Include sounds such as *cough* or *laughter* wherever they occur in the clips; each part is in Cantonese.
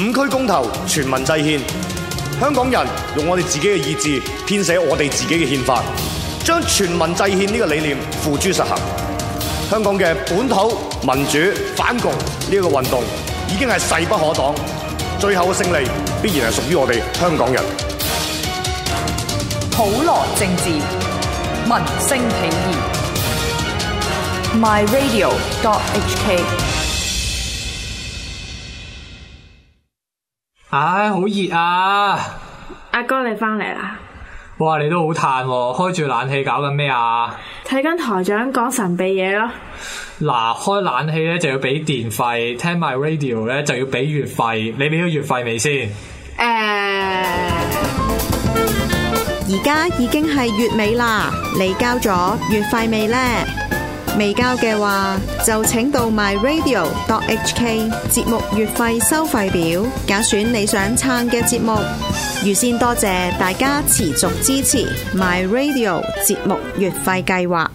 五區公投，全民制憲，香港人用我哋自己嘅意志編寫我哋自己嘅憲法，將全民制憲呢個理念付諸實行。香港嘅本土民主反共呢個運動已經係勢不可擋，最後嘅勝利必然係屬於我哋香港人。普羅政治，民聲起義。My Radio. H K. 唉、啊，好熱啊！阿哥你翻嚟啦！哇，你都好嘆，開住冷氣搞緊咩啊？睇緊台長講神秘嘢咯。嗱、啊，開冷氣咧就要俾電費，聽埋 radio 咧就要俾月費。你俾咗月費未先？誒、欸，而家已經係月尾啦，你交咗月費未呢？未交嘅話，就請到 myradio.hk 節目月費收費表，揀選你想撐嘅節目。預先多謝大家持續支持 myradio 節目月費計劃。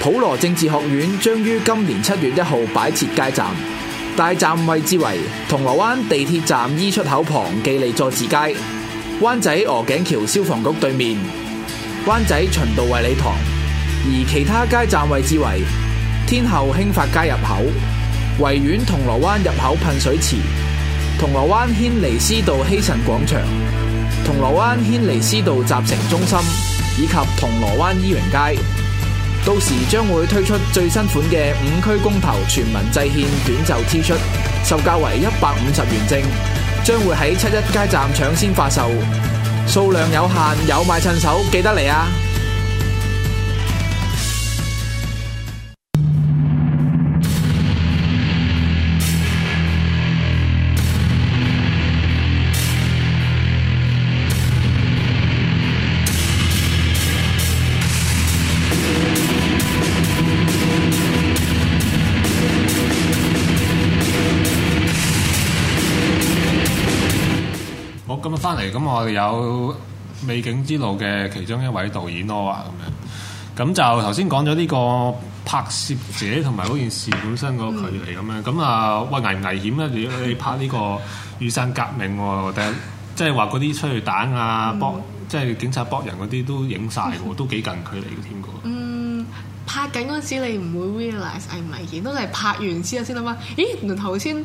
普羅政治學院將於今年七月一號擺設街站，大站位置為銅鑼灣地鐵站 E 出口旁記利佐治街。灣仔鵝頸橋消防局對面，灣仔循道衛理堂，而其他街站位置為天后興發街入口、維園銅鑼灣入口噴水池、銅鑼灣軒尼斯道希慎廣場、銅鑼灣軒尼斯道集成中心以及銅鑼灣伊榮街。到時將會推出最新款嘅五區公投全民制憲短袖 T 恤，shirt，售價為一百五十元正。將會喺七一街站搶先發售，數量有限，有買趁手，記得嚟啊！咁我哋有《未竟之路》嘅其中一位導演咯，啊，咁樣，咁就頭先講咗呢個拍攝者同埋嗰件事本身個距離，咁樣、嗯，咁啊，喂、呃、危唔危險咧，如果 *laughs* 你拍呢個雨傘革命、哦，定即係話嗰啲出去彈啊，搏、嗯、即係警察搏人嗰啲都影晒喎，都幾近距離嘅添喎。嗯嗯拍緊嗰陣時，你唔會 realize 危唔危險，都係拍完之後先諗翻。咦，原來頭先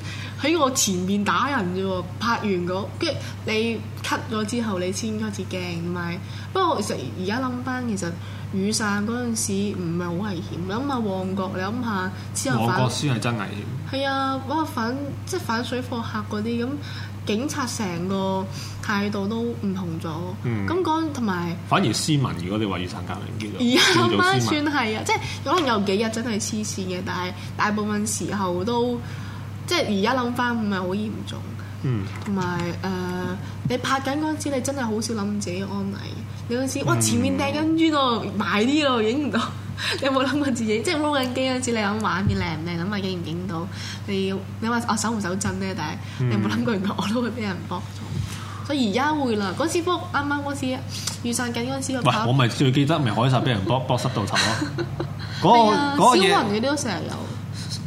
喺我前面打人啫喎。拍完嗰跟住你 cut 咗之後，你先開始驚同埋。不過其實而家諗翻，其實雨傘嗰陣時唔係好危險。你諗下旺角，你諗下之後反，我覺得先係真危險。係啊，嗰個反即係反水貨客嗰啲咁，警察成個。態度都唔同咗，咁講同埋反而斯文。如果你話《雨傘革命》叫做斯文，而家諗翻算係啊，即係可能有幾日真係黐線嘅，但係大部分時候都即係而家諗翻唔係好嚴重。同埋誒，你拍緊嗰陣時，你真係好少諗自己安危。嗯、你陣時，哇，前面掟緊磚哦，埋啲哦，影唔到。 *laughs* 你有冇諗過自己？即係攞緊機嗰陣時，你諗畫面靚唔靚？諗下影唔影到？你你話我手唔手震咧？但係你有冇諗過，原來我都會俾人搏。 *laughs* 所以而家會啦，嗰次卜，啱啱嗰次預散緊嗰次，唔係我咪最記得咪海殺俾人卜，卜濕到頭咯。嗰都成日有。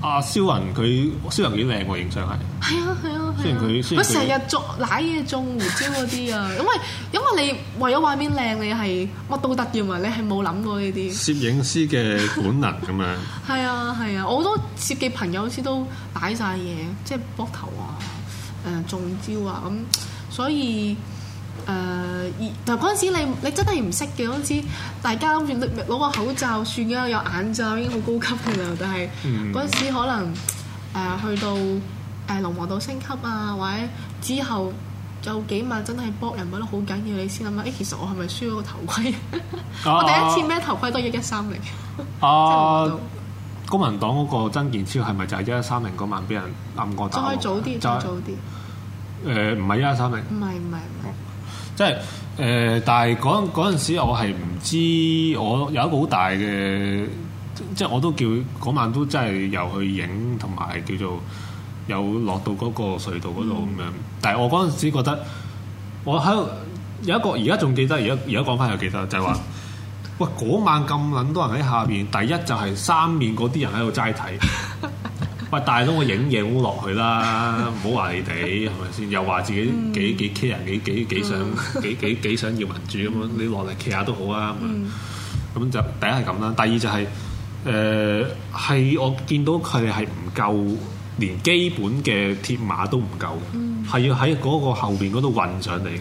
阿肖雲佢肖雲幾靚喎，影相係。係啊係啊。啊啊啊雖然佢，佢成日捉奶嘢種胡椒嗰啲啊， *laughs* 因為因為你為咗外面靚，你係乜都得嘅嘛，你係冇諗過呢啲。攝影師嘅本能咁樣。係 *laughs* 啊係啊，啊，啊，啊，我好多攝記朋友好似都擺晒嘢，即係卜頭啊，誒種椒啊咁。啊啊所以誒，嗱嗰陣時你你真係唔識嘅，嗰陣時大家諗住攞個口罩算嘅，有眼罩已經好高級嘅啦。但係嗰陣時可能誒、呃、去到誒、呃、龍和道升級啊，或者之後有幾晚真係搏人，覺得好緊要，你先諗下。誒、欸，其實我係咪輸咗個頭盔？啊、 *laughs* 我第一次咩頭盔都係一一三零。啊！ *laughs* 公民黨嗰個曾健超係咪就係一一三零嗰晚俾人暗過頭？再早啲，再、就係、早啲。誒唔係一三零，唔係唔係唔係，即係誒、呃，但係嗰嗰陣時我係唔知，我有一個好大嘅，即係我都叫嗰晚都真係又去影同埋叫做有落到嗰個隧道嗰度咁樣，嗯、但係我嗰陣時覺得我喺度，有一個而家仲記得，而家而家講翻又記得，就係、係、話， *laughs* 喂嗰晚咁撚多人喺下邊，第一就係三面嗰啲人喺度齋睇。 *laughs* 喂，大佬，我影影落去啦，唔好話你哋係咪先？又話自己幾、嗯、幾 care，幾，幾想、嗯、 *laughs* 幾幾幾想要民主咁樣，嗯、你落嚟騎下都好啊。咁、嗯、就第一係咁啦，第二就係誒係我見到佢哋係唔夠連基本嘅鐵馬都唔夠，係、嗯、要喺嗰個後邊嗰度運上嚟嘅。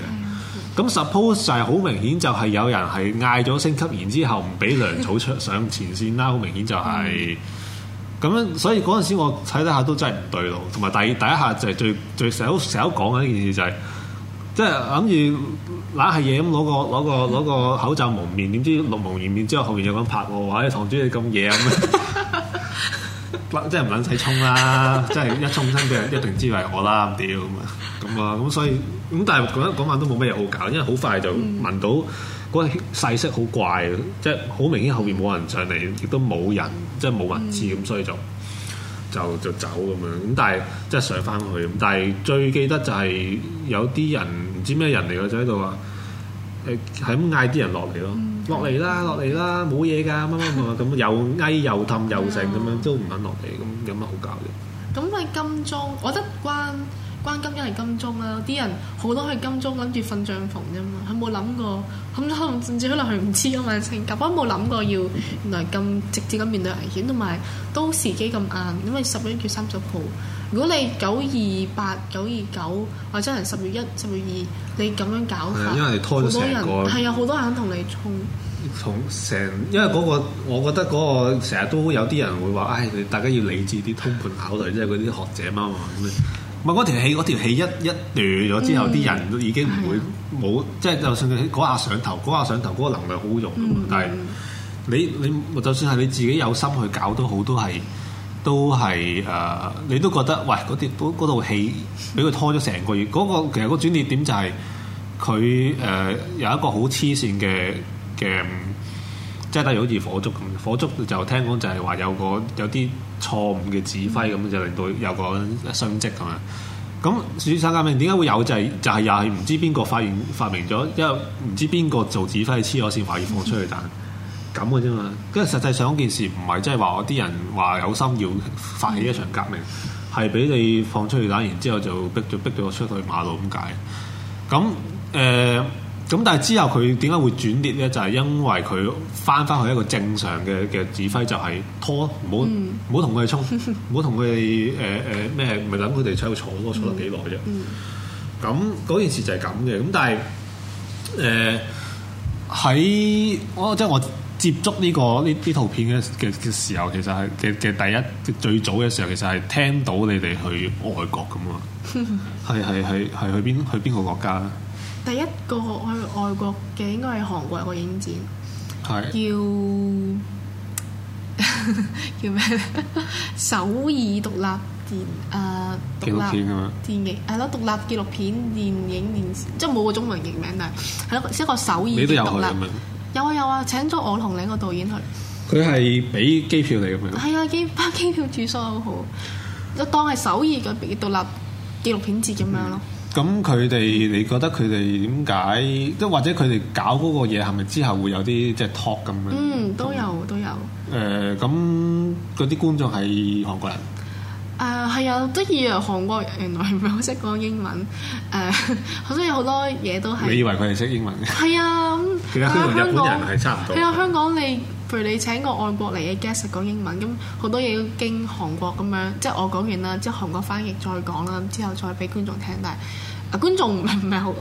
咁 suppose 就係好明顯，就係有人係嗌咗升級，然之後唔俾糧草出上前線啦，好 *laughs* 明顯就係、是。 *laughs* 咁樣，所以嗰陣時我睇睇下都真係唔對路，同埋第第一下就係最最成日都成日講嘅呢件事就係、是，即係諗住攬下嘢咁攞個攞個攞個口罩蒙面，點知錄蒙完面，面之後後面有個人拍我話：呢堂主你咁嘢咁， *laughs* *laughs* 即係唔撚使沖啦！ *laughs* 即係一沖身畀人一定知係我啦！屌咁啊咁啊！咁所以咁但係嗰一晚都冇咩嘢好搞，因為好快就聞到。嗯嗰個細色好怪，即係好明顯後面冇人上嚟，亦都冇人，即係冇物資咁，嗯、所以就就就走咁樣。咁但係即係上返去。咁但係最記得就係有啲人唔知咩人嚟嘅，就喺度話誒，係咁嗌啲人落嚟咯，落嚟啦，落嚟啦，冇嘢㗎，乜乜乜咁，又嗌又氹 *laughs* 又剩咁樣，都唔肯落嚟，咁有乜好搞嘅？咁你金鐘，我覺得關。關今日係金鐘啦，啲人好多去金鐘諗住瞓帳篷啫嘛，佢冇諗過，咁甚至可能佢唔知咁樣性格，我冇諗過要原來咁直接咁面對危險，同埋都時機咁硬，因為十一月三十號，如果你九二八、九二九或者係十月一、十月二，你咁樣搞，係因為拖咗成個，係有好多人肯同你衝，同成，因為嗰個我覺得嗰、嗰個成日都有啲人會話，唉，大家要理智啲，通盤考慮，即係嗰啲學者嘛嘛。唔係嗰條戲，嗰條戲一一斷咗之後，啲、嗯、人都已經唔會冇，即係、嗯、就，就算佢嗰下上頭嗰下上頭嗰個能量好用，但係你你就算係你自己有心去搞都好，都係都係誒、呃，你都覺得喂嗰條度戲俾佢拖咗成個月，嗰、嗯那個其實個轉捩點就係佢誒有一個好黐線嘅嘅。即係例如好似火燭咁，火燭就聽講就係話有個有啲錯誤嘅指揮咁，嗯、就令到有個傷積咁啊。咁雨傘革命點解會有就係、是、就係又係唔知邊個發現發明咗，因為唔知邊個做指揮黐咗線，話要放出去彈咁嘅啫嘛。跟住、嗯、實際上件事唔係即係話我啲人話有心要發起一場革命，係俾、嗯、你放出去彈，然之後就逼咗逼到我出去馬路咁解。咁誒。咁但係之後佢點解會轉跌咧？就係、是、因為佢翻翻去一個正常嘅嘅指揮，就係、是、拖，唔好唔好同佢哋衝，唔好同佢哋誒誒咩？咪等佢哋喺度坐咯，坐得幾耐啫。咁嗰、嗯、件事就係咁嘅。咁但係誒喺我即係、就是、我接觸呢、這個呢啲圖片嘅嘅時候，其實係嘅嘅第一最早嘅時候，其實係聽到你哋去外國咁啊，係係係係去邊去邊個國家咧？第一個去外國嘅應該係韓國一個影展，係是叫 *laughs* 叫咩？首爾獨立電啊，呃、紀錄片電影係咯，獨立紀錄片、電影、電視，即係冇個中文譯名，但係係一個首爾獨也立。你都有啊？有啊有啊！請咗我同另一個導演去。佢係俾機票你咁樣。係啊，機、機票住宿都好，都當係首爾嘅獨立,立紀錄片節咁樣咯。嗯咁佢哋，你覺得佢哋點解？即或者佢哋搞嗰個嘢係咪之後會有啲即係 talk 咁樣？嗯，都有都有。誒，咁嗰啲觀眾係韓國人。誒係啊，得意啊，韓國人原來唔係好識講英文。誒，所以好多嘢都係。你以為佢哋識英文嘅？係啊。而家香港日本人係差唔多。係啊，香港你譬如你請個外國嚟嘅 guest 講英文，咁好多嘢要經韓國咁樣，即我講完啦，即韓國翻譯再講啦，之後再俾觀眾聽，但係。啊！觀眾唔係好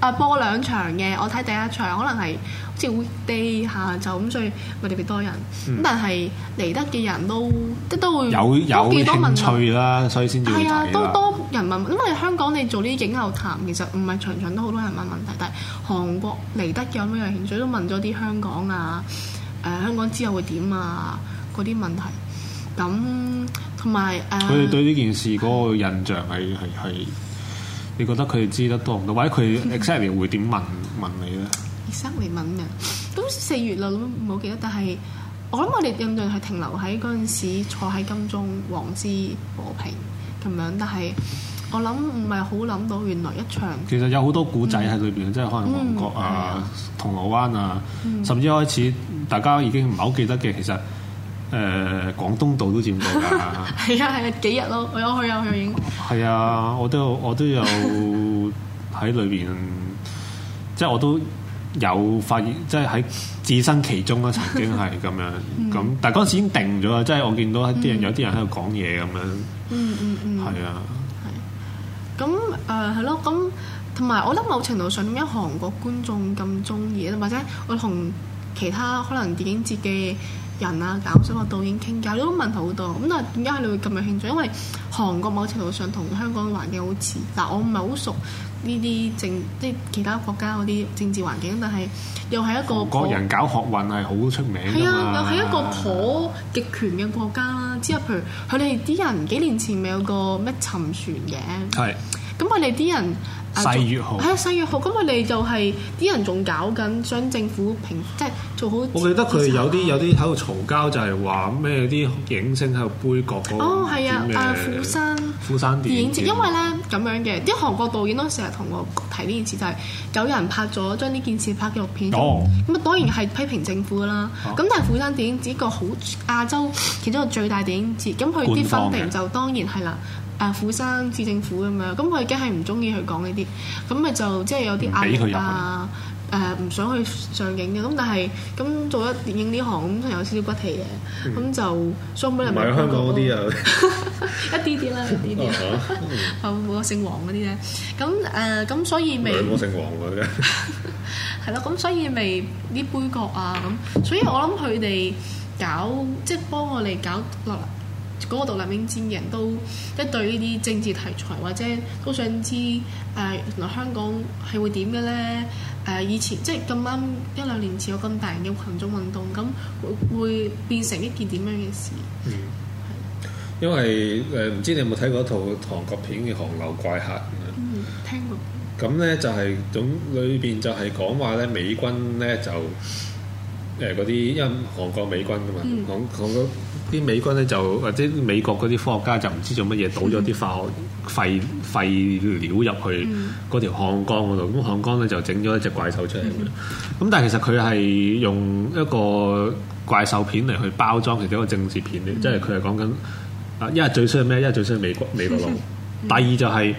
啊，播兩場嘅，我睇第一場可能係好似會地下就咁，所以咪特別多人。咁、嗯、但係嚟得嘅人都都都會有有幾多問題啦，所以先係啊，都多，多人問。因為香港你做呢啲影後談，其實唔係場場都好多人問問題。但係韓國嚟得嘅有冇人興趣都問咗啲香港啊，誒、呃、香港之後會點啊嗰啲問題。咁同埋誒，佢哋、呃、對呢件事嗰個印象係係係。你覺得佢哋知得多唔多，或者佢 exactly 會點問，嗯、問你咧 exactly 問嘅都四月啦，都唔好記得。但係我諗我哋印象係停留喺嗰陣時坐喺金鐘黃之和平咁樣，但係我諗唔係好諗到原來一場其實有好多古仔喺裏邊，嗯、即係可能旺角啊、嗯、銅鑼灣啊，嗯、甚至開始、嗯、大家已經唔係好記得嘅，其實。誒、呃、廣東道都佔到㗎，係 *laughs* 啊係啊幾日咯，我有去我有去有影。係 *laughs* 啊，我都有。我都有喺裏邊，即係我都有發現，即係喺置身其中啦，曾經係咁樣咁。 *laughs* 嗯、但係嗰陣時已經定咗啦，即係我見到啲人有啲人喺度講嘢咁樣。嗯嗯嗯，係、嗯、啊。係。咁誒係咯，咁同埋我諗某程度上點解韓國觀眾咁中意，或者我同其他可能電影節嘅。人啊，搞咗個導演傾偈，有好多問題好多咁，但係點解你會咁有興趣？因為韓國某程度上同香港嘅環境好似，但係我唔係好熟呢啲政，即係其他國家嗰啲政治環境，但係又係一個個人搞學運係好出名。係啊，又係一個頗極權嘅國家啦。之後譬如佢哋啲人幾年前咪有個咩沉船嘅，係咁佢哋啲人。勢越好，係勢越好。咁我哋就係啲人仲搞緊，想政府平，即、就、係、是、做好。我記得佢有啲、哦、有啲喺度嘈交，就係話咩啲影星喺度杯葛嗰、那個、哦，係啊，誒麼，釜、啊、山釜山電影節，因為咧咁樣嘅啲韓國導演都成日同我提呢件事，就係、是、有人拍咗將呢件事拍紀錄片。哦，咁啊當然係批評政府啦。哦，咁但係釜山電影節一個好亞洲其中一個最大電影節，咁佢啲分定就當然係啦。誒釜、啊、山市政府咁樣，咁佢梗係唔中意去講呢啲，咁咪就即係有啲壓力啊誒，唔、啊、想去上映嘅，咁但係咁做咗電影呢行，咁係有少少骨氣嘅，咁、嗯、就所以嚟香港嗰啲啊， *laughs* 一啲啲啦，一啲啲 *laughs* *noise* 啊，有冇姓王嗰啲咧？咁誒咁所以未，姓王嘅咧，係、啊、咯，咁、 *laughs* *laughs* 啊、所以未啲杯葛啊咁，所以我諗佢哋搞即係、就是、幫我哋搞落嗰個獨立英戰嘅人都一對呢啲政治題材，或者都想知誒、呃、原來香港係會點嘅咧？誒、呃、以前即係咁啱一兩年前有咁大型嘅群眾運動，咁會會變成一件點樣嘅事？嗯，係是因為誒唔、呃、知你有冇睇過一套韓國片嘅《韓流怪客》？嗯，聽過。咁咧就係、是、總裏邊就係講話咧，美軍咧就。誒嗰啲，因為韓國美軍噶嘛，講講啲美軍咧就或者美國嗰啲科學家就唔知做乜嘢，倒咗啲化學廢、嗯、廢料入去嗰條漢江嗰度，咁漢江咧就整咗一隻怪獸出嚟。咁、嗯、但係其實佢係用一個怪獸片嚟去包裝，其實一個政治片嚟。嗯、即係佢係講緊啊，一係最衰咩？一係最衰美國美國佬。 *laughs* 第二就係、是、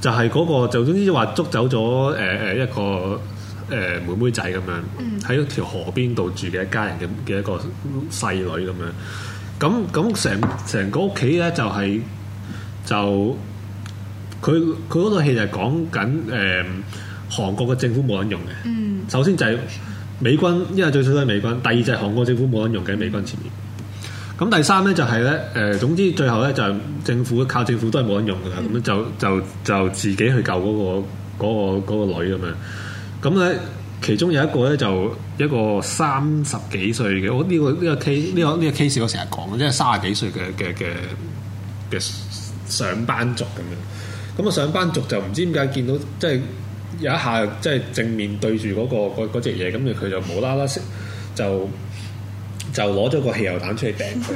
就係、是、嗰、那個，就總之話捉走咗誒誒一個。誒、呃、妹妹仔咁樣喺、嗯、一條河邊度住嘅一家人嘅嘅一個細女咁樣，咁咁成成個屋企咧就係、是、就佢佢嗰套戲就係講緊誒韓國嘅政府冇人用嘅，嗯、首先就係美軍，因為最少都係美軍。第二就係韓國政府冇人用嘅，喺美軍前面。咁第三咧就係咧誒，總之最後咧就係政府靠政府都係冇人用㗎啦。咁樣、嗯、就就就自己去救嗰、那個嗰、那個那個那個、女咁樣。咁咧，其中有一個咧，就一個三十幾歲嘅，我呢個呢個 case，呢個呢個 case 我成日講嘅，即係三十幾歲嘅嘅嘅嘅上班族咁樣。咁啊，上班族就唔知點解見到，即係有一下，即係正面對住嗰個隻嘢，咁樣佢就冇啦啦就就攞咗個汽油彈出嚟掟佢。 *laughs*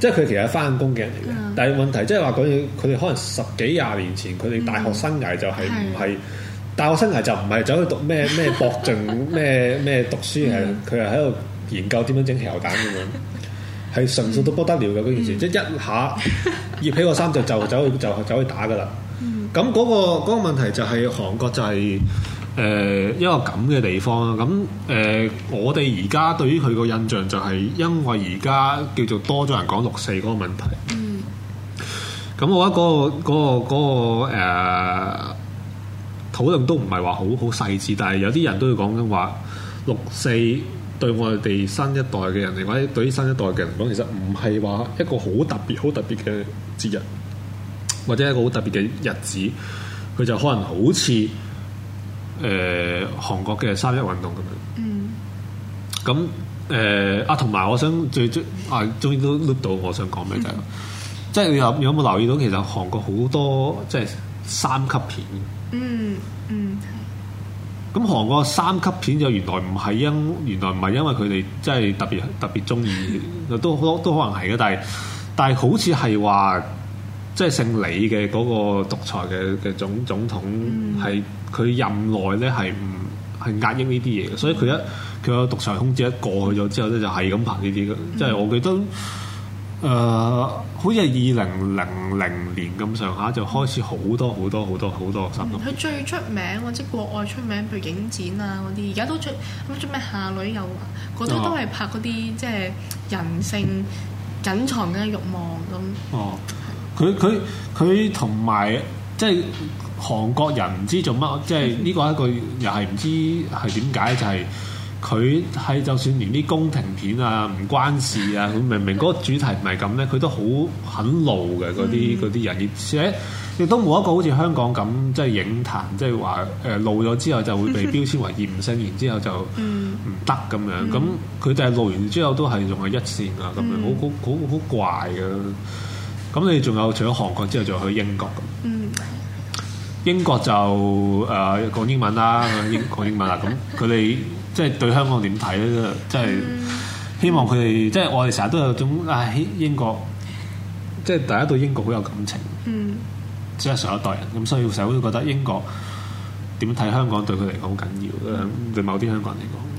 即係佢其實翻工嘅人嚟嘅，但係問題即係話佢佢可能十幾廿年前佢哋大學生涯就係唔係。嗯大學生涯就唔係走去讀咩咩博進咩咩讀書，係佢係喺度研究點樣整汽油彈咁樣。係純 *laughs* 粹都不得了嘅嗰件事，即係一下熱起個山就就走去就走去打㗎喇。咁嗰個嗰個問題就係韓國就係、是、誒、呃、一個咁嘅地方啦。咁誒、呃，我哋而家對於佢個印象就係因為而家叫做多咗人講六四嗰個問題。嗯、 *laughs* 那個。咁我諗嗰個、那個、那個誒。呃可能都唔係話好好細緻，但係有啲人都會講緊話六四對我哋新一代嘅人嚟講，或者對於新一代嘅人嚟講，其實唔係話一個好特別、好特別嘅節日，或者一個好特別嘅日子，佢就可能好似誒韓國嘅三一運動咁樣。嗯，咁誒、呃、啊，同埋我想最最啊終於都到我想講咩就係、是，嗯、即係有有冇留意到其實韓國好多即係三級片。嗯嗯咁韓國三級片就原來唔係因原來唔係因為佢哋即係特別特別中意都都都可能係嘅，但係但係好似係話即係姓李嘅嗰個獨裁嘅嘅、嗰個嗰個、總總統係佢、嗯、任內咧係唔係壓抑呢啲嘢嘅，嗯、所以佢一佢個獨裁控制一過去咗之後咧就係咁拍呢啲嘅，即係、嗯、我記得。誒，uh, 好似係二零零零年咁上下就開始好多好多好多好多新。佢最出名或者國外出名，譬如影展啊嗰啲，而家都出咁出咩？下女啊，嗰啲都係拍嗰啲即係人性隱藏嘅欲望咯。哦，佢佢佢同埋即係韓國人唔知做乜，即係呢個一個又係唔知係點解就係、係。佢係就算連啲宮廷片啊，唔關事啊，佢明明嗰個主題唔係咁咧，佢都好肯露嘅嗰啲啲人，而且亦都冇一個好似香港咁即係影壇，即係話誒露咗之後就會被標籤為艷星， *laughs* 然之後就唔得咁樣。咁佢哋露完之後都係用係一線啊，咁樣好好好好怪嘅。咁你仲有除咗韓國之後，仲有去英國咁？嗯、英國就誒、呃、講英文啦，英講英文啦。咁佢哋。嗯 *laughs* 即係對香港點睇咧？即係、嗯、希望佢哋、嗯、即係我哋成日都有種唉、哎、英國，即係大家對英國好有感情，嗯、即係上一代人咁，所以社會都覺得英國點睇香港對佢嚟講好緊要嘅，嗯、對某啲香港人嚟講。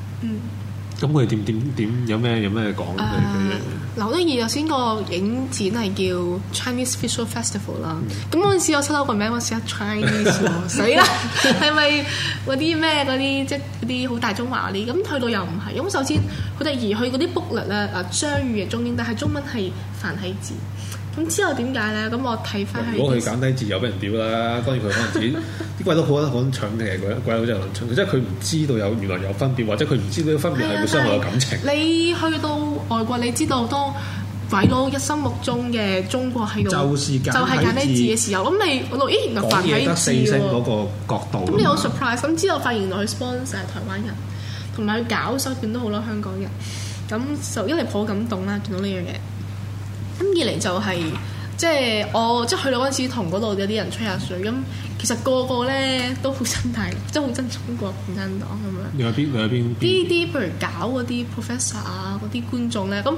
咁佢點點點有咩有咩講、呃？劉德義有先個影展係叫 Chinese Visual Festival 啦、嗯。咁嗰陣時我出到個名，我寫 Chinese 死啦！係咪嗰啲咩嗰啲即嗰啲好大中華嗰啲？咁去到又唔係。咁首先，佢哋義去嗰啲 book 率咧啊，雙語嘅中英，但係中文係繁體字。咁之後點解咧？咁我睇翻，如果佢減低字又俾人屌啦。 *laughs* 當然佢可能啲啲鬼佬好撚蠢嘅，鬼佬真係撚蠢。即係佢唔知道有原來有分別，或者佢唔知呢個分別係會傷害感情。啊、你去到外國，你知道好多鬼佬一心目中嘅中國喺度，嗯、就係減低字嘅時候。咁你我話咦，原來凡係字，得四成嗰個角度。咁你好 surprise！咁之後發現原來佢 sponsor 係台灣人，同埋佢搞所以都好多香港人。咁就因為好感動啦，見到呢樣嘢。咁二嚟就係，是，即係我、哦、即係去到嗰陣時，同嗰度有啲人吹下水。咁其實個個咧都好親大，即係好親中國、好親黨咁樣。有啲，有啲些，啲啲邊，譬如搞嗰啲 professor 啊，嗰啲觀眾咧、啊，咁。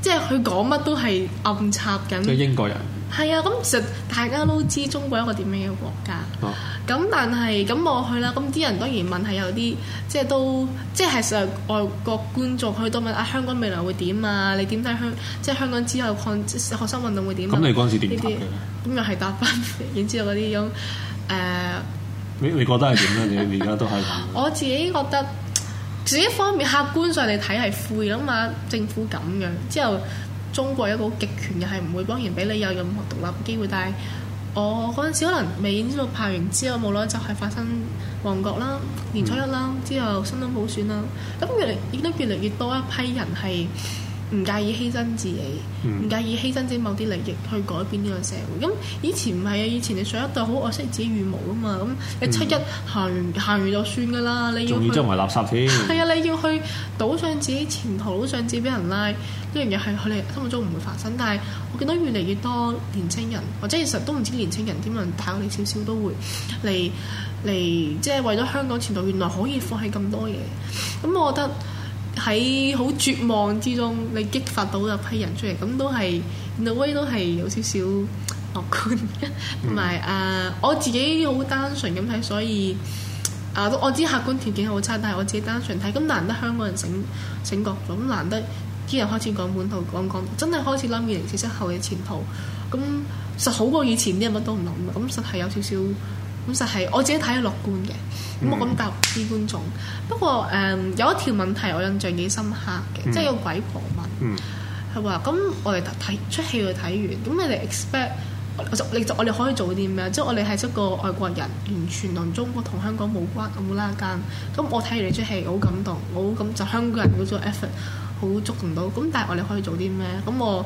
即係佢講乜都係暗插緊嘅英國人。係啊，咁其實大家都知中國一個點樣嘅國家。哦。咁但係咁我去啦，咁啲人當然問係有啲，即係都即係實外國觀眾去都問啊，香港未來會點啊？你點睇香港？即係香港之後抗即學生運動會點啊？咁你嗰陣時點講嘅咧？咁又係答翻影子嗰啲咁誒？你、呃欸、你覺得係點咧？ *laughs* 你而家都係？ *laughs* 我自己覺得，只一方面，客觀上你睇係灰啊嘛，政府咁樣之後，中國一個極權又係唔會幫人俾你有任何獨立嘅機會。但係我嗰陣時可能未知道拍完之後，冇啦就係發生旺角啦、年初一啦，嗯、之後新東補選啦，咁越嚟亦都越嚟越多一批人係。唔介意犧牲自己，唔介意犧牲自己某啲利益去改變呢個社會。咁以前唔係啊，以前你上一代好愛惜自己羽毛啊嘛。咁你七一行完行完就算噶啦，你要係啊，你要去賭上自己前途，賭上自己俾人拉。呢樣嘢係佢哋心目中唔會發生，但係我見到越嚟越多年青人，或者其實都唔知年青人添啊，大我哋少少都會嚟嚟，即係、就是、為咗香港前途，原來可以放棄咁多嘢。咁我覺得。喺好絕望之中，你激發到一批人出嚟，咁都係 In a way 都係有少少樂觀，同埋啊我自己好單純咁睇，所以啊、uh, 我知客觀條件好差，但係我自己單純睇，咁難得香港人醒醒覺咗，咁難得啲人開始講本土，講講,講真係開始諗二零四七後嘅前途，咁實好過以前啲人乜都唔諗，咁實係有少少。咁就係我自己睇樂觀嘅，咁、mm. 我咁答啲觀眾，不過誒、um, 有一條問題我印象幾深刻嘅，mm. 即係有個鬼婆問，佢話咁我哋睇出戲去睇完，咁你哋 expect，我就你就我哋可以做啲咩？即係我哋係一個外國人，完全同中國同香港冇關咁啦。攏，咁我睇完你出戲好感動，我咁就香港人嗰種 effort 好捉唔到，咁但係我哋可以做啲咩？咁我。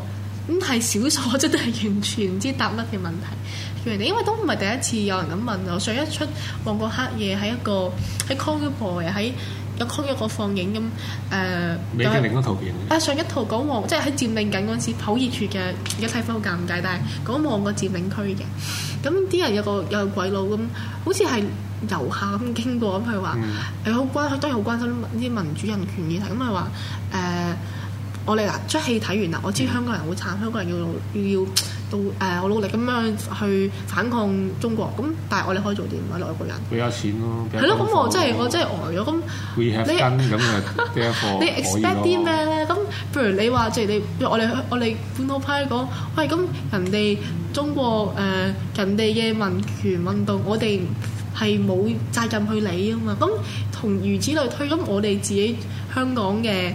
咁係少數，即都係完全唔知答乜嘅問題叫人哋，因為都唔係第一次有人咁問我。上一出《旺角黑夜》喺一個喺 Congo 嘅喺有 Congo 個放映咁誒。未係另一個圖片。啊，上一套講旺，即係喺佔領緊嗰陣時好熱血嘅，而家睇翻好尷尬，但係講旺個佔領區嘅。咁啲人有個有個鬼佬咁，好似係遊客咁經過咁，佢話誒好關，都係好關心啲民主人權議題咁，佢話誒。呃我哋嗱出戲睇完啦，我知香港人好慘，香港人要要要到誒好努力咁樣去反抗中國。咁但係我哋可以做啲唔乜呢？個人俾下錢咯。係咯，咁、嗯、我真係我真係呆咗。咁 have 你 expect 啲咩咧？咁譬 *laughs* 如你話，即、就、係、是、你我哋我哋本土派講，喂咁人哋中國誒、呃、人哋嘅民權運動，我哋係冇責任去理啊嘛。咁同如此類推，咁我哋自己香港嘅。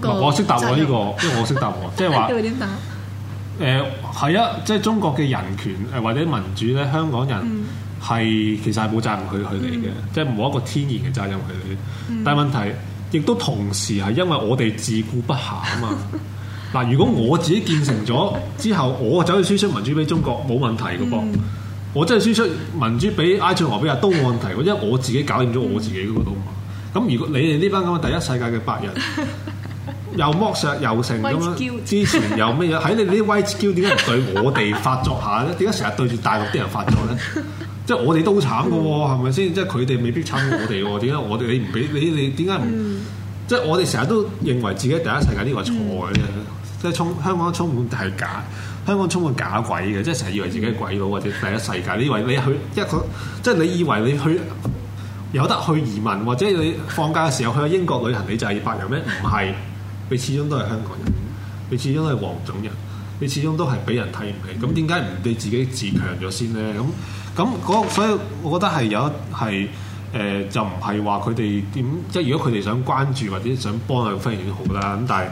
那我識答我呢、這個，責任 *laughs* 因為我識答我。即係話誒係啊，即係、 *laughs* 呃就是、中國嘅人權誒或者民主咧，香港人係其實係冇責任佢去嚟嘅， *laughs* 即係冇一個天然嘅責任佢嚟， *laughs* 但係問題亦都同時係因為我哋自顧不暇啊嘛。嗱， *laughs* 如果我自己建成咗之後，我走去輸出民主俾中國冇問題㗎噃， *laughs* 我真係輸出民主俾埃塞俄比亞都冇問題，因為我自己搞掂咗我自己嗰個島嘛。咁 *laughs* 如果你哋呢班咁嘅第一世界嘅白人？ *laughs* 又剝削又成噉樣？White guilt. 之前又咩嘢？喺 *laughs* 你啲 white guilt 點解對我哋發作下咧？點解成日對住大陸啲人發作咧？即係 *laughs* 我哋都慘㗎喎、哦，係咪先？即係佢哋未必慘，慘我哋喎、哦？點解我哋你唔俾你哋？點解唔？即係、嗯、我哋成日都認為自己第一世界呢個係錯嘅，即係充香港充滿係假，香港充滿假鬼嘅，即係成日以為自己係鬼佬或者第一世界。你以為你去一個，即、就、係、是、你以為你去，就是、你以為你去有得去移民或者你放假嘅時候去英國旅行你就係白人咩？唔係。你始終都係香港人，你始終都係黃種人，你始終都係俾人睇唔起。咁點解唔你自己自強咗先咧？咁咁、嗰個、所以，我覺得係有一係誒，就唔係話佢哋點即係如果佢哋想關注或者想幫香港非常之好啦。咁但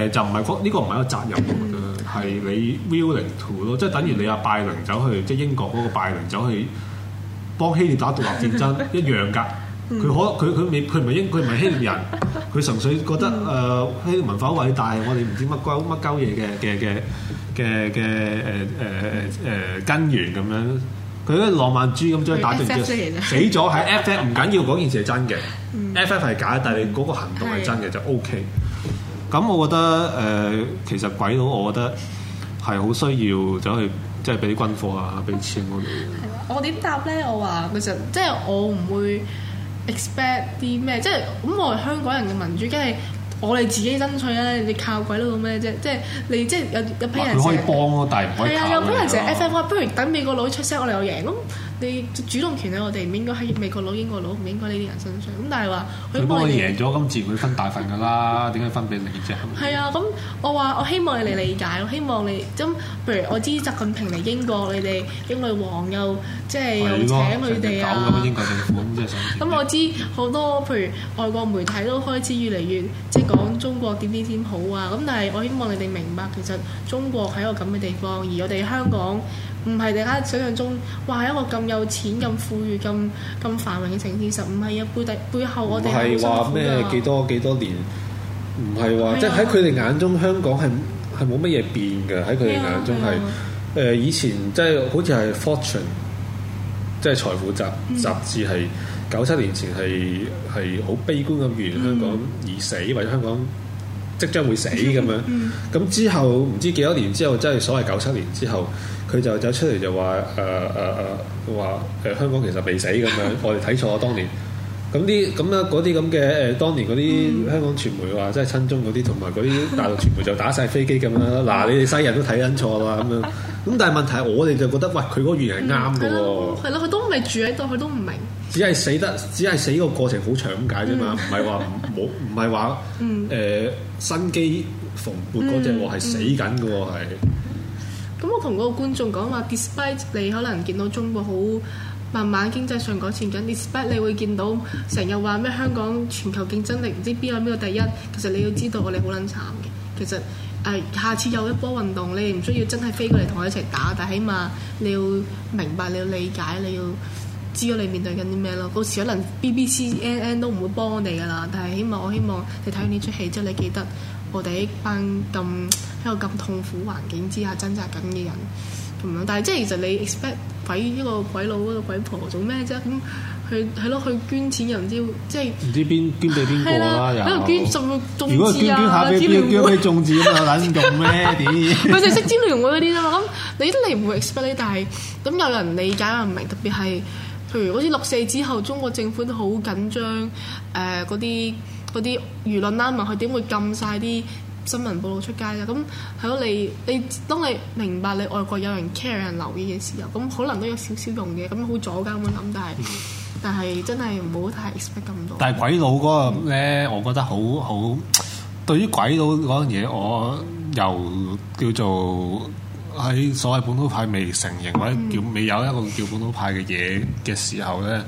係誒就唔係呢個唔係一個責任，我覺得係、嗯、你 willing to 咯，即係等於你阿拜倫走去即係英國嗰個拜倫走去幫希臘打獨立戰爭 *laughs* 一樣㗎。佢、嗯、可佢佢未佢唔係英佢唔係希臘人。 *laughs* 佢純粹覺得誒，啲文化好偉大，我哋唔知乜鳩乜鳩嘢嘅嘅嘅嘅嘅誒誒誒根源咁樣，佢啲浪漫主義咁將佢打斷咗，死咗喺 FF 唔緊要，嗰件事係真嘅，FF 係假，但係嗰個行動係真嘅就 OK。咁我覺得誒，其實鬼佬，我覺得係好需要走去即係俾軍火啊，俾錢我哋。我點答咧？我話其實即係我唔會。Expect 啲咩？即係咁，我哋香港人嘅民主，梗係我哋自己爭取啦。你靠鬼佬咩啫？即係你即係有一批人成，可以幫咯，但係唔可以靠咯。係啊，有批人成日 FM，我話不如等美國佬出聲，我哋又贏咯。你主動權喺我哋，唔應該喺美國佬、英國佬，唔應該呢啲人身上。咁但係話佢幫你贏咗，咁自然會分大份噶啦。點解分俾你啫？係咪？係啊，咁我話我希望你理解，我希望你咁。譬如我知習近平嚟英國，你哋英女王又即係又請佢哋啊。係英國政府咁即係咁、嗯、我知好多譬如外國媒體都開始越嚟越即係講中國點點點好啊。咁但係我希望你哋明白，其實中國喺一個咁嘅地方，而我哋香港。唔係大家想象中，哇！一個咁有錢、咁富裕、咁咁繁榮嘅城市，實唔係啊！背底背後我哋唔係話咩幾多幾多年，唔係話即喺佢哋眼中香港係係冇乜嘢變嘅，喺佢哋眼中係，誒、啊啊呃、以前即係好似係 Fortune，即係財富雜雜誌係九七年前係係好悲觀咁預言香港已死、嗯、或者香港即將會死咁樣，咁、嗯嗯、之後唔知幾多年之後，即、就、係、是、所謂九七年之後。佢就走出嚟就話誒誒誒，話誒香港其實未死咁樣，我哋睇錯咗當年。咁啲咁樣嗰啲咁嘅誒，當年嗰啲、呃、香港傳媒話即係親中嗰啲，同埋嗰啲大陸傳媒就打晒飛機咁樣。嗱、啊，你哋西人都睇緊錯啦咁樣。咁但係問題係我哋就覺得，喂，佢嗰個預言係啱嘅喎。係咯、嗯，佢、嗯、都未住喺度，佢都唔明。只係死得，只係死個過程好長咁解啫嘛，唔係話唔冇，唔係話誒新機蓬勃嗰隻喎係死緊嘅喎係。嗯嗯嗯嗯咁我同嗰個觀眾講話，despite 你可能見到中國好慢慢經濟上改善緊，despite 你會見到成日話咩香港全球競爭力唔知邊個邊個第一，其實你要知道我哋好撚慘嘅。其實誒、呃，下次有一波運動，你唔需要真係飛過嚟同我一齊打，但係起碼你要明白，你要理解，你要知道你面對緊啲咩咯。嗰時可能 BBC、CNN 都唔會幫你哋噶啦，但係起碼我希望你睇完呢出戲之後，你記得。我哋一班咁喺個咁痛苦環境之下掙扎緊嘅人咁樣，但係即係其實你 expect 鬼呢個鬼佬一個鬼婆做咩啫？咁佢係咯，去捐錢又唔知即係唔知邊捐俾邊個啦。又捐做種子啊！捐俾種子又先種咩？點 *laughs* *laughs* 佢哋識支聯會嗰啲啫嘛。你都嚟唔會 expect 呢？但係咁有人理解又唔明，特別係譬如好似六四之後，中國政府都好緊張誒嗰啲。呃嗰啲輿論啦，問佢點會禁晒啲新聞報道出街嘅。咁係咯，你你當你明白你外國有人 care、有人留意嘅時候，咁可能都有少少用嘅，咁好咗噶咁樣諗，但係但係真係唔好太 expect 咁多。但係鬼佬嗰、個咧，嗯、我覺得好好。對於鬼佬嗰樣嘢，我又叫做喺所謂本土派未成形、嗯、或者叫未有一個叫本土派嘅嘢嘅時候咧。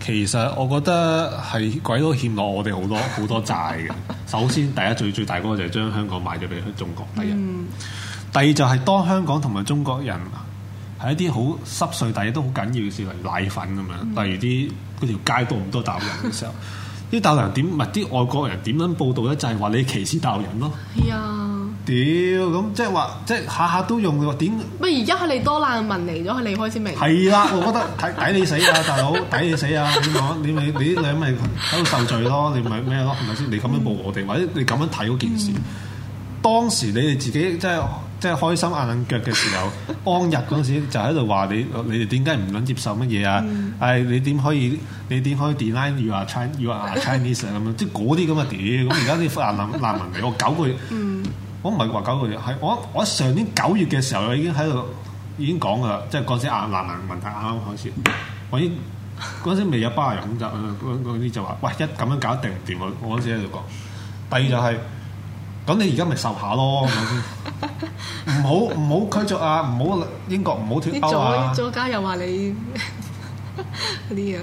其實我覺得係鬼佬欠落我哋好多好 *laughs* 多債嘅。首先第一最最大嗰個就係將香港賣咗俾中國。第一，嗯、第二就係當香港同埋中國人係一啲好濕碎，但亦都好緊要嘅事，例如奶粉咁樣，例、嗯、如啲嗰條街都唔多大陸人嘅時候，啲 *laughs* 大陸人點？唔係啲外國人點樣報道咧？就係、是、話你歧視大陸人咯。係啊。屌，咁即係話，即係下下都用嘅喎，點，不而家佢哋多難民嚟咗，佢哋開始明。係啦， *laughs* 我覺得抵你死啊，大佬，抵你死啊！你咪你咪你咪喺度受罪咯，你咪咩咯，係咪先？你咁樣報我哋，嗯、或者你咁樣睇嗰件事，嗯、當時你哋自己即係即係開心硬腳嘅時候，安日嗰時就喺度話你，你哋點解唔肯接受乜嘢啊？嗯、哎，你點可以，你點可以？You are Chinese，咁即係嗰啲咁嘅屌，咁而家啲難難難民嚟， *laughs* 我搞佢。 *laughs* *laughs* *laughs* 我唔係話九個月，係我我上年九月嘅時候，我已經喺度已經講噶啦，即係嗰陣難民問題啱啱開始，嗰陣未有巴黎恐襲，嗰嗰啲就話，喂，一咁樣搞一定唔掂。我我嗰陣喺度講。第二就係、是，咁、嗯、你而家咪受下咯，唔好唔好拒絕啊，唔好英國唔好脱歐啊。作家又話你呢樣，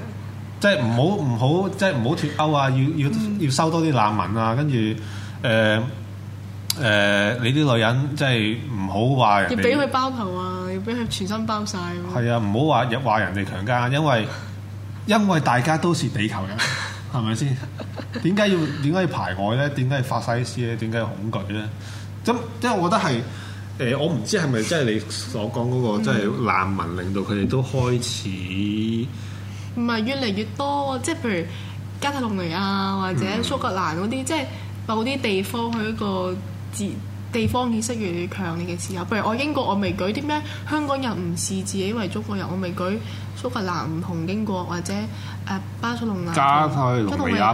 即係唔好唔好，即係唔好脱歐啊！要要要，要收多啲難民啊，跟住誒。呃誒、呃，你啲女人即係唔好話人要俾佢包頭啊，要俾佢全身包晒係啊，唔好話話人哋強姦，因為因為大家都是地球人，係咪先？點解要點解要排外咧？點解要法西斯咧？點解要恐懼咧？咁即係我覺得係誒、呃，我唔知係咪即係你所講嗰、那個，即係難民令到佢哋都開始唔係越嚟越多啊！即係譬如加泰羅尼亞或者蘇格蘭嗰啲，即係、嗯、某啲地方去一個。自地方意識越嚟越強烈嘅時候，譬如我英國，我未舉啲咩香港人唔視自己為中國人，我未舉。蘇格蘭同英國或者誒巴塞隆拿，不同嘅國家。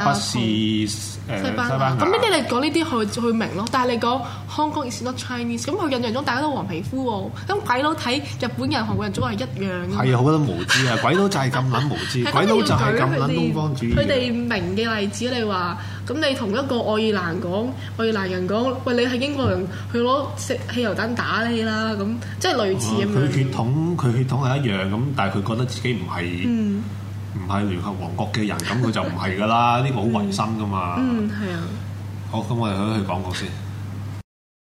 咁呢啲你講呢啲佢佢明咯，但係你講 Hong Kongis not Chinese，咁佢印象中大家都黃皮膚喎，咁鬼佬睇日本人、韓國人，都係一樣。係啊，好鬼無知啊！鬼佬就係咁撚無知，鬼佬就係咁撚東方主義。佢哋明嘅例子，你話咁你同一個愛爾蘭講，愛爾蘭人講，喂，你係英國人，佢攞食汽油彈打你啦，咁即係類似咁樣。佢血統佢血統係一樣咁，但係佢覺得自己唔係唔係聯合王國嘅人，咁佢就唔係噶啦，呢 *laughs* 個好維生噶嘛。嗯，係啊。好，咁我哋去去廣告先。